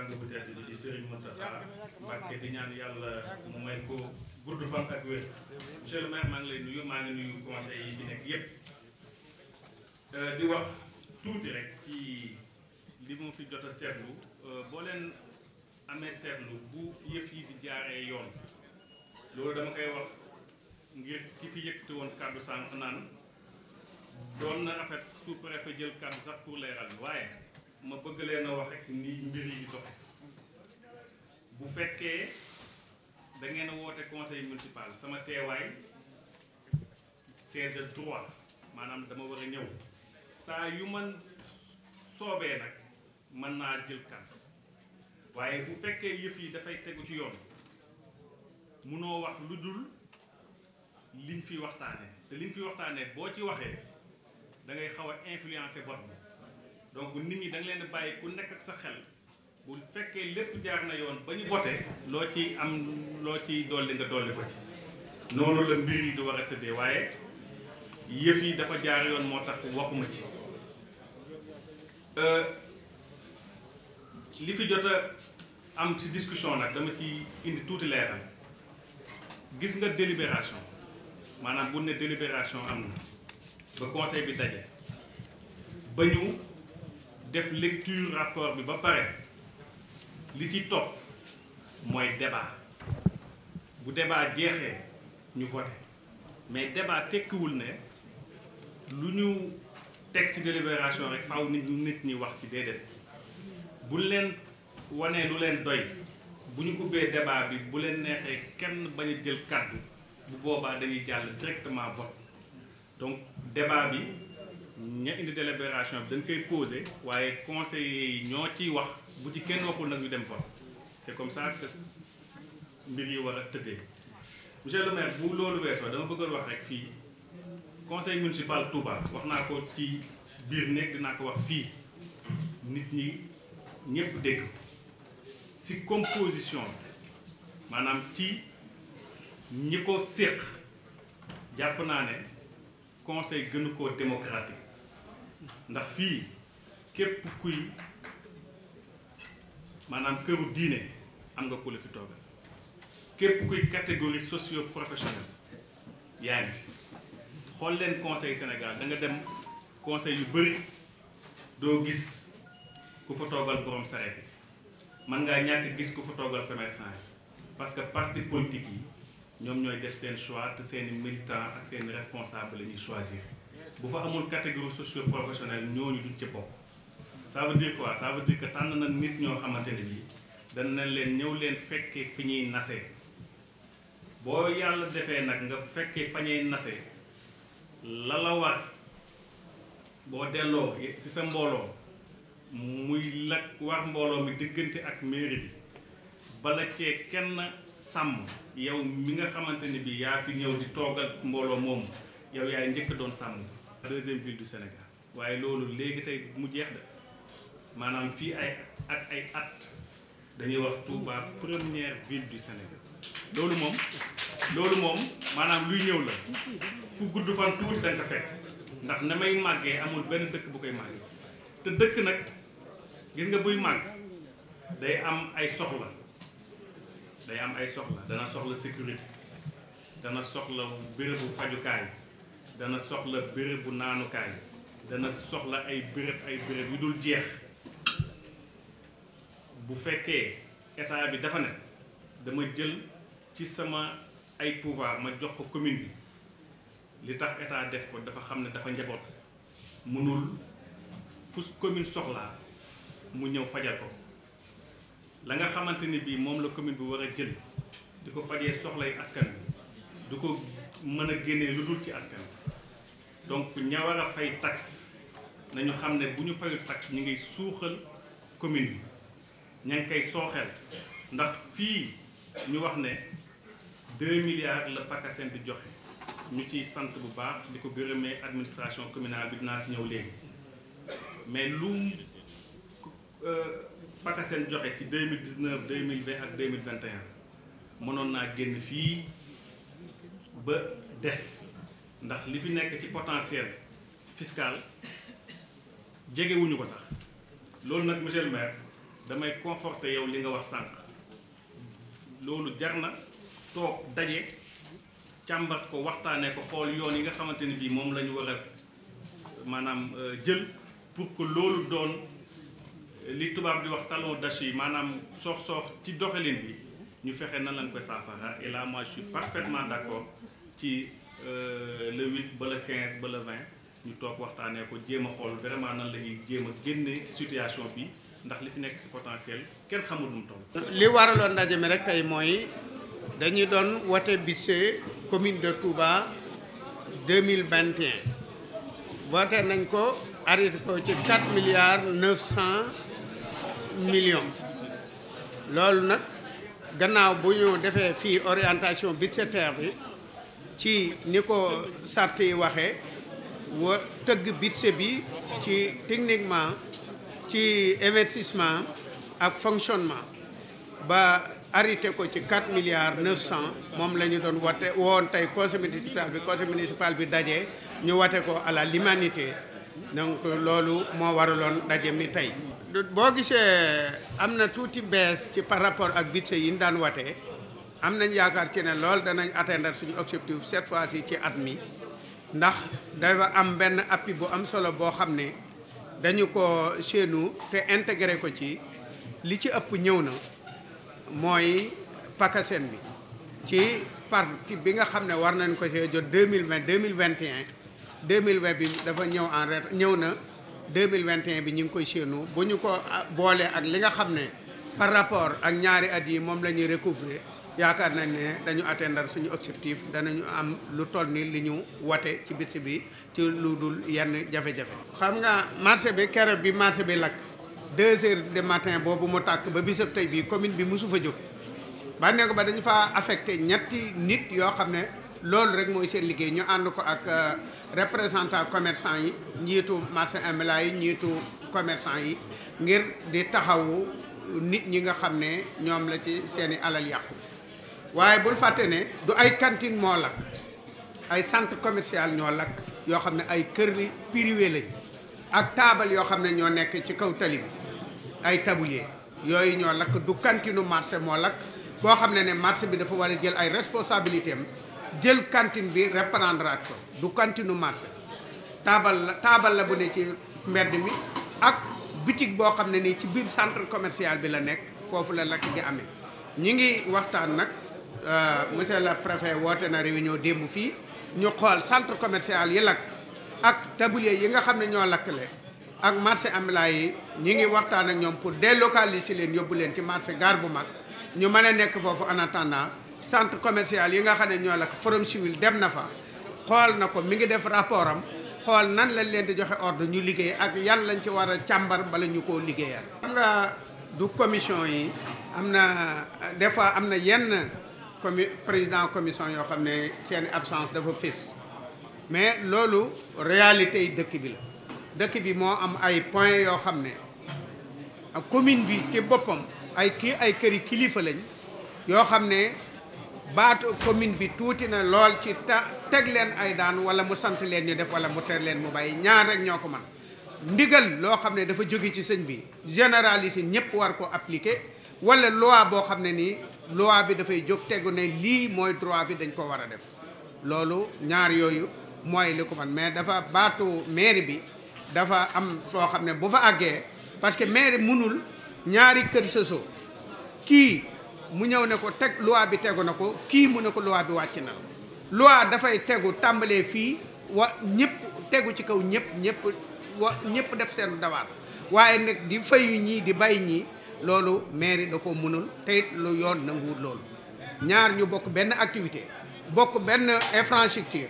sang bu tedd bi di Serigne Mountakha Mbacké di ñaan yàlla mu may ko gudd fan ak wér monsieur le maire maa ngi lay nuyu maa ngi nuyu conseil yi fi nekk yépp euh, di wax tuuti rek ci li mu fi jot a seetlu euh, boo leen amee seetlu bu yëf yi di jaaree yoon loolu dama koy wax ngir ki fi yëkkati woon kàddu sànq naan doon na rafet sous-préfet jël kàddu sax pour leeral waaye ma bëgg leen a wax rek ni mbir yi doxe bu fekkee da ngeen woote conseil municipal sama teewaay c'est de droit maanaam dama war a ñëw saa yu man soobee nag mën naa jël kan waaye bu fekkee yëf yi dafay tegu ci yoon munoo wax lu dul liñ fi waxtaanee te liñ fi waxtaanee boo ci waxee dangay ngay xaw a influencer vote bi donc nit ñi da leen bàyyi ku nekk ak sa xel bu fekkee lépp jaar na yoon ba ñu voté loo ci am loo ci dolli nga dolli ko ci noonu la mbir yi du war a tëddee waaye yëf yi dafa jaar yoon moo tax waxuma ci euh, li fi jot a am ci discussion nag dama ci indi tuuti leeral gis nga délibération maanaam bu ne délibération am na ba conseil bi daje ba ñu def lecture rapport bi ba pare li ci topp mooy débat bu débat jeexee ñu voté mais débat tekkiwul ne lu ñu teg ci délibération rek faaw nit nit ñi wax ci déedéet bu leen wanee lu leen doy bu ñu ubbee débat bi bu leen neexee kenn bañ a jël kàddu bu boobaa dañuy jàll directement vote donc débat bi ña indi délibération bi dañ koy posé waaye conseil yi ñoo ciy wax bu ci kenn waxul nag ñu dem fa c'est comme ça que mbir yi war a tëddee monsieur le maire bu loolu weesoo dama bëggoon wax rek fii conseil municipal Touba wax naa ko ci biir nekk dinaa ko wax fii nit ñi ñëpp dégg si composition maanaam ci ñi ko séq jàpp naa ne conseil gënu koo démocratique ndax fii képp kuy maanaam këru diine am nga ku la fi toogal képp kuy catégorie socio professionnelle yaa ngi xool leen conseil Sénégal danga dem conseil yu bëri doo gis ku fa toogal borom sareet yi mën ngaa ñàkk gis ku fa toogal commerçant yi parce que parti politique yi ñoom ñooy def seen choix te seeni militant ak seeni responsable la ñuy choisir bu fa amul catégorie socio professionnelle ñooñu duñ ci bokk ça veut dire quoi ça veut dire tànn na nit ñoo xamante ne bii dana leen ñëw leen fekkee fi ñuy nasee boo yàlla defee nag nga fekkee fa ñuy nasee la la war boo delloo ci sa mbooloo muy la war mbooloo mi diggante ak mairie bi bala cee kenn sàmm yow mi nga xamante ne bii yaa fi ñëw di toogal mbooloo moom yow yaay njëkk doon sàmm deuxième ville du Sénégal waaye loolu léegi tey mu jeex da maanaam fii ay ak ay at dañuy wax Touba première ville du Sénégal loolu moom loolu moom maanaam luy ñëw la ku gudd fan tuuti da nga fekk ndax na may màggee amul benn dëkk bu koy màggee te dëkk nag gis nga buy màgg day am ay soxla day am ay soxla dana soxla sécurité dana soxla bérébu fajukaay dana soxla béréb bu naanukaay dana soxla ay béréb ay béréb yu dul jeex bu fekkee état bi dafa ne dama jël ci sama ay pouvoir ma jox ko commune bi li tax état def ko dafa xam ne dafa njaboot mënul fu commune soxla mu ñëw fajal ko la nga xamante ni bii moom la commune bi war a jël di ko fajee soxlay askan bi du ko mën a génnee lu dul ci askan donc ña war a fay taxe nañu xam ne bu ñu fayul taxe ñu ngi suuxal commune bi ña ngi koy sooxeel ndax fii ñu wax ne deux milliards la PACASEN di joxe ñu ci sant bu baax di ko gërëmee administration communal bi dinaa si ñëw léegi mais lu euh, PACASEN joxe ci deux mille dix neuf deux mille vingt ak deux mille vingt et un mënoon naa génn fii. ba des ndax li fi nekk ci potentiel fiscal jegewuñu ko sax loolu nag monsieur le damay conforter yow li nga wax sànq loolu jar na toog daje càmbat ko waxtaanee ko xool yoon yi nga xamante ni bii moom la ñu war a maanaam euh, jël pour que loolu doon li tubaab di wax talon d'Achille yi maanaam soox soox ci doxalin bi ñu fexe na lañ koy saafara et là moi je suis parfaitement d'accord ci euh, le huit ba quinze ba le vingt ñu toog waxtaanee ko jéem a xool vraiment nan la ñuy jéem a génnee situation bi ndax li fi nekk si potentiel kenn xamul mu toll. li waraloon ndaje mi rek tey mooy dañuy doon wote budget commune de Touba deux mille vingt et nañ ko arrêté ko ci quatre milliards neuf cent millions loolu nag gannaaw bu ñu defee fii orientation budgétaire bi. ci ni ko sart yi waxee wa tëgg budget bi ci techniquement ci investissement ak fonctionnement ba arrêté ko ci 4 milliards 900 moom la ñu doon wate woon tey conseil municipal bi bi daje ñu wate ko à la l'unanimité donc loolu moo waraloon daje mi tey. boo gisee am na tuuti bees ci par rapport ak budget yi ñu daan wate am nañ yaakaar ci ne lool danañ atteindre suñu objectif cette fois ci ci at mi ndax dafa am benn appui bu am solo boo xam ne dañu ko seenu te intégré ko ci li ci ëpp ñëw na mooy pakaseen bi ci parti bi nga xam ne war nañ ko see jot deux mille vingt mille vingt et un deux mille bi dafa ñëw en ñëw na deux mille vingt et bi ñu ngi koy seenu bu ñu ko boolee ak li nga xam ne par rapport ak ñaari at yi moom la ñuy recouvrer yaakaar nañ ne dañu atteindre suñu objectif danañu am lu toll ni li ñu wate ci bés bi ci lu dul yenn jafe-jafe. xam nga marché bi keroog bi marché bi lakk deux heures de matin boobu mu tàkk ba bisab tey bii commune bi mosu fa jóg ba ne ba dañu fa affecté ñetti nit yoo xam ne loolu rek mooy seen liggéey ñu ànd ko ak euh, représentant commerçant yi njiitu marché ambulant yi njiitu commerçant yi ngir di taxawu nit ñi nga xam ne ñoom la ci seeni alal yàqu. waaye bul fàtte ne du ay cantine moo lakk ay centre commercial ñoo lakk yoo xam ne ay kër privé lañ ak taabal yoo xam ne ñoo nekk ci kaw tali bi ay tabulier yooyu ñoo lakk du cantine marché moo lakk boo xam ne ne marché bi dafa war a jël ay responsabilité am jël cantine bi reprendre ko du cantine marché taabal la taabal la bu ne ci mbedd mi ak bitig boo xam ne nii ci biir centre commercial bi la nekk foofu la lakk gi amee ñi ngi waxtaan nag Euh, monsieur le préfet woote na réunion démb fii ñu xool centre commercial yi lakk ak tablier yi nga xam ne ñoo lakkale ak marché ambulant yi ñu ngi waxtaan ak ñoom pour délocaliser leen yóbbu leen ci marché gare bu mag ñu mën a nekk foofu en attendant centre commercial yi nga xam ne ñoo lakk forum civil dem na fa xool na ko mi ngi def rapport am xool nan lañ leen di joxe ordre ñu liggéey ak yan lañ ci war a càmbar bala ñu koo liggéeyal xam nga du commission yi am na des fois am na yenn comi président commission yoo xam ne seen absence dafa fés mais loolu réalité yi dëkk bi la dëkk bi moo am ay point yoo xam ne commune bi ci boppam ay kii ay këri kilifa lañ yoo xam ne baatu commune bi tuuti na lool ci ta teg leen ay daan wala mu sant leen ñu def wala mu ter leen mu bàyyi ñaar rek ñoo ko mën ndigal loo xam ne dafa jóge ci sëñ bi généralisé ñëpp war ko appliquer wala loi boo xam ne nii loi bi dafay jóg tegu ne lii mooy droit bi dañ ko war a def loolu ñaar yooyu mooy li ko man mais dafa baatu mairie bi dafa am soo xam ne bu fa àggee parce que mairie munul ñaari kër sësoo kii mu ñëw ne ko teg loi bi tegu na ko kii mu ne ko loi bi wàcc na loi dafay tegu tàmbalee fii wa ñëpp tegu ci kaw ñëpp ñëpp wa ñëpp def seen dawaat waaye nag di fayu ñii di bay ñii loolu mairie da ko mënul teyit lu yoon nanguwul loolu ñaar ñu bokk benn activité bokk benn infrastructure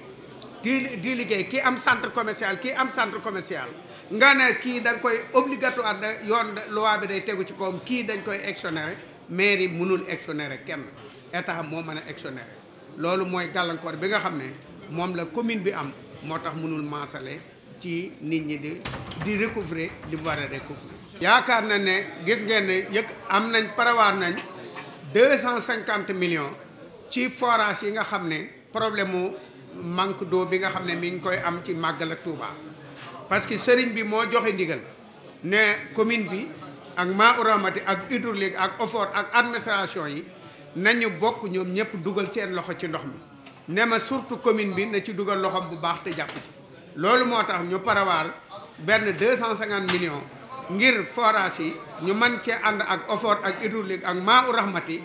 di di liggéey kii am centre commercial kii am centre commercial nga ne kii da koy obligatoire da yoon loi bi day tegu ci kawam kii dañ koy exonéré mairie mënul exonéré kenn état moo mën a exonéré loolu mooy gàllankoor bi nga xam ne moom la commune bi am moo tax mënul maasale ci nit ñi di di recouvrer li mu war a recouvrer yaakaar na ne gis ngeen ne yëg am nañ prévoir nañ deux cent cinquante millions ci forage yi nga xam ne problème mu manque d'eau bi nga xam ne mi ngi koy am ci màggal ak Touba parce que sëriñ bi moo joxe ndigal ne commune bi ak Maourahmati ak hydraulique ak effort ak administration yi nañu bokk ñoom ñëpp dugal seen loxo ci ndox mi ne ma surtout commune bi na ci dugal loxom bu baax te jàpp ci loolu moo tax ñu prévoir benn deux cent cinquante millions ngir forage yi ñu man cee ànd ak OFOR ak hydraulique ak maa u rahmati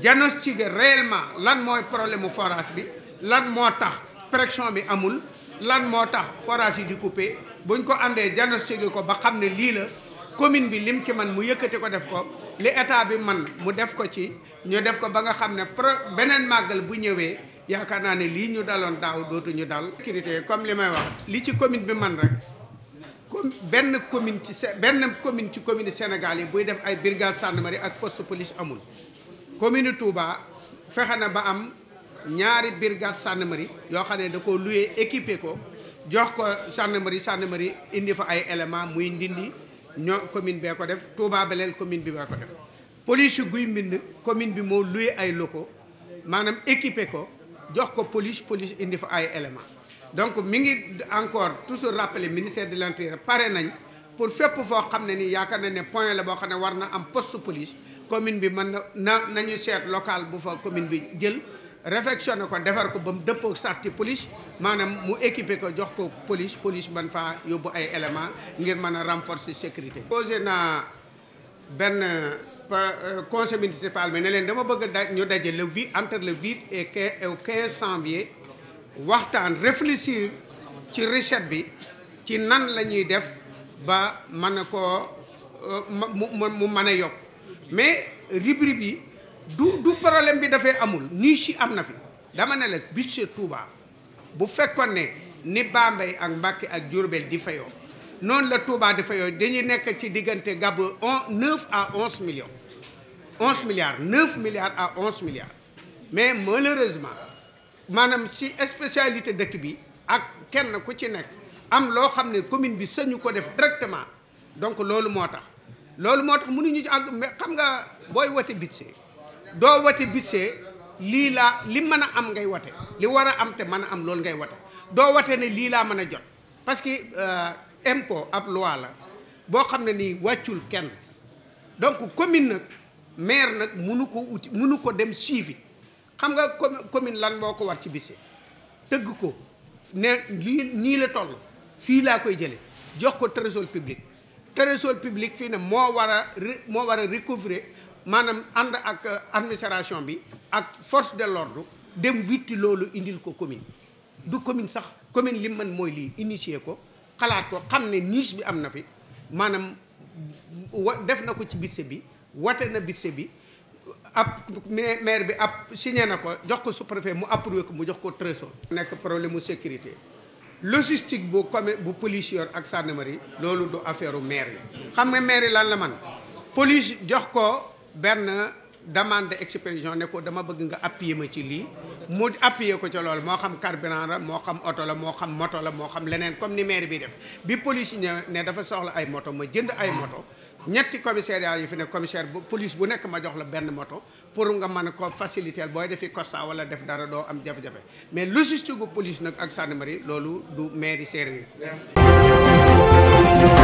diagnostiquer réellement lan mooy problème mu forage bi lan moo tax pression bi amul lan moo tax forage yi di coupé buñ ko àndee diagnostiquer ko ba xam ne lii la commune bi lim ci man mu yëkkati ko def ko li état bi man mu def ko ci ñu def ko ba nga xam ne pro beneen màggal bu ñëwee yaakaar naa ne lii ñu daloon daaw dootuñu dal sécurité comme li may wax li ci commune bi man rek comme benn commune ci benn commune ci commune Sénégal yi buy def ay brigade gendarmerie ak poste police amul commune Touba fexe na ba am ñaari brigade gendarmerie yoo xam ne da ko loué équipé ko jox ko gendarmerie gendarmerie indi fa ay élément muy ndindi ñoo commune bee ko def Touba Belel commune bi bee ko def police yu guy mbind commune bi moo loué ay locaux maanaam équipé ko jox ko police police indi fa ay élément donc mi ngi encore toujours rappeler ministère de l'intérieur pare nañ pour fépp foo xam ne nii yaakaar na ne point la boo xam ne war na am poste police commune bi mën na na nañu seet local bu fa commune bi jël ne ko defar ko ba mu dëppoo sarti police maanaam mu équipé ko jox ko police police man faa yóbbu ay élément ngir mën a renforcer sécurité posé naa benn euh, conseil municipal bi ne leen dama bëgg da ñu daje le vide entre le vide et au 15 janvier waxtaan réfléchir ci recette bi ci nan la ñuy def ba mën a koo euh, mu mu mën a yokk mais rubrique bi du du problème bi dafay amul niche yi am na fi dama ne la budget Touba bu fekkoon ne ni Bambey ak Mbacké ak Diourbel di fayoo noonu la Touba di fayoo dañuy nekk ci diggante gàbb on neuf à onze million onze milliards neuf milliards à onze milliards mais malheureusement maanaam si spécialité dëkk bi ak kenn ku ci nekk am loo xam ne commune bi sañu ko def directement donc loolu moo tax loolu moo tax mënuñu àgg mais xam nga booy wote budget doo wote budget lii laa li mën a am ngay wote li war a am te mën a am loolu ngay wote doo wote ne lii laa mën a jot parce que euh, impôt ab loi la boo xam ne nii wàccul kenn donc commune nag nag munu ko uti munu ko dem suivi xam nga commune lan moo ko war ci budget tëgg ko ne lii nii la toll fii laa koy jële jox ko trésor piblique trésor public fii ne moo war a moo war a recouvrer maanaam ànd ak euh, administration bi ak force de l'ordre dem witti loolu indil ko commune du commune sax commune li man mooy lii initier ko xalaat ko xam ne niche bi am na fi maanaam wa def na ko ci budget bi wate na budget bi ab maire bi ab signé na ko jox ko sous-préfet mu approuvé ko mu jox ko trésor nekk problème mu sécurité logistique bu comme bu police ak gendarmerie loolu du affaire u maire yi xam nga maire lan la man police jox ko benn demande d'expertise ne ko dama bëgg nga appuyer ma ci lii mu appuyer ko ca loolu moo xam carburant la moo xam oto la moo xam moto la moo xam leneen comme ni maire bi def bi police ñëw ne dafa soxla ay moto ma jënd ay moto ñetti commissariat yi fi ne commissaire bu police bu nekk ma jox la benn moto pour nga mën ko faciliter booy defi constat wala def dara doo am jafe-jafe mais logistique bu police nag ak gendarmerie loolu du mairie séeréer